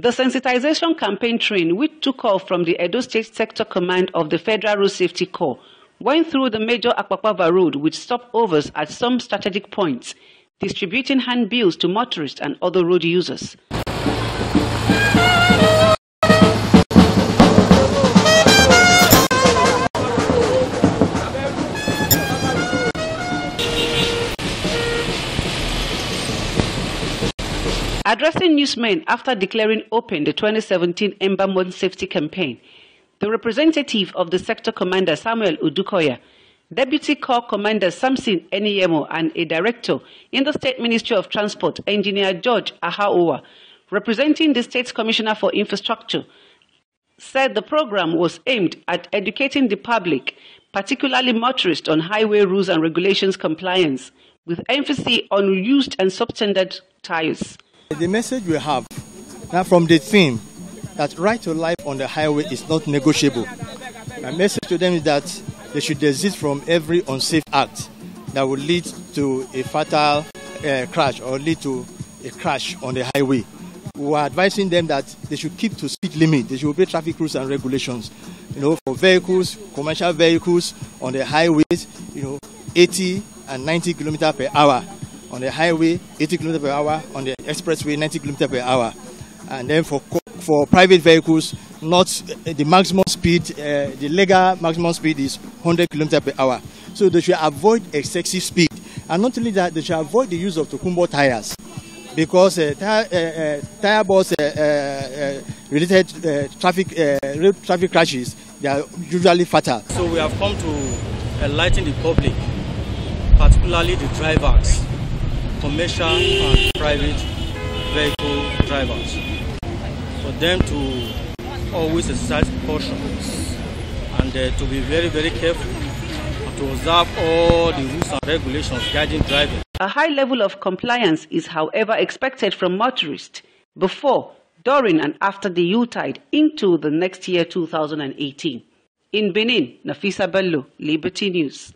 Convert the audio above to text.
The sensitization campaign train, which took off from the Edo State Sector Command of the Federal Road Safety Corps, went through the major Akpakpava Road with stopovers at some strategic points, distributing handbills to motorists and other road users. Addressing newsmen after declaring open the 2017 Ember Month Safety Campaign, the representative of the sector commander Samuel Udukoya, Deputy Corps Commander Samson Eniemo, and a director in the State Ministry of Transport, Engineer George Ahaowa, representing the State's Commissioner for Infrastructure, said the program was aimed at educating the public, particularly motorists, on highway rules and regulations compliance, with emphasis on used and substandard tires. The message we have now from the theme that right to life on the highway is not negotiable. My message to them is that they should desist from every unsafe act that will lead to a fatal uh, crash or lead to a crash on the highway. We are advising them that they should keep to speed limit. They should obey traffic rules and regulations. You know, for vehicles, commercial vehicles on the highways, you know, 80 and 90 kilometers per hour on the highway 80 km per hour, on the expressway 90 km per hour. And then for, for private vehicles, not eh, the maximum speed, uh, the legal maximum speed is 100 km per hour. So they should avoid excessive speed. And not only that, they should avoid the use of Tokumbo tires because uh, tire, uh, tire balls uh, related traffic, road traffic crashes, they are usually fatal. So we have come to enlighten the public, particularly the drivers, commercial and private vehicle drivers for them to always exercise caution and uh, to be very, very careful to observe all the rules and regulations guiding driving. A high level of compliance is, however, expected from motorists before, during, and after the U-tide into the next year 2018. In Benin, Nafisa Bello, Liberty News.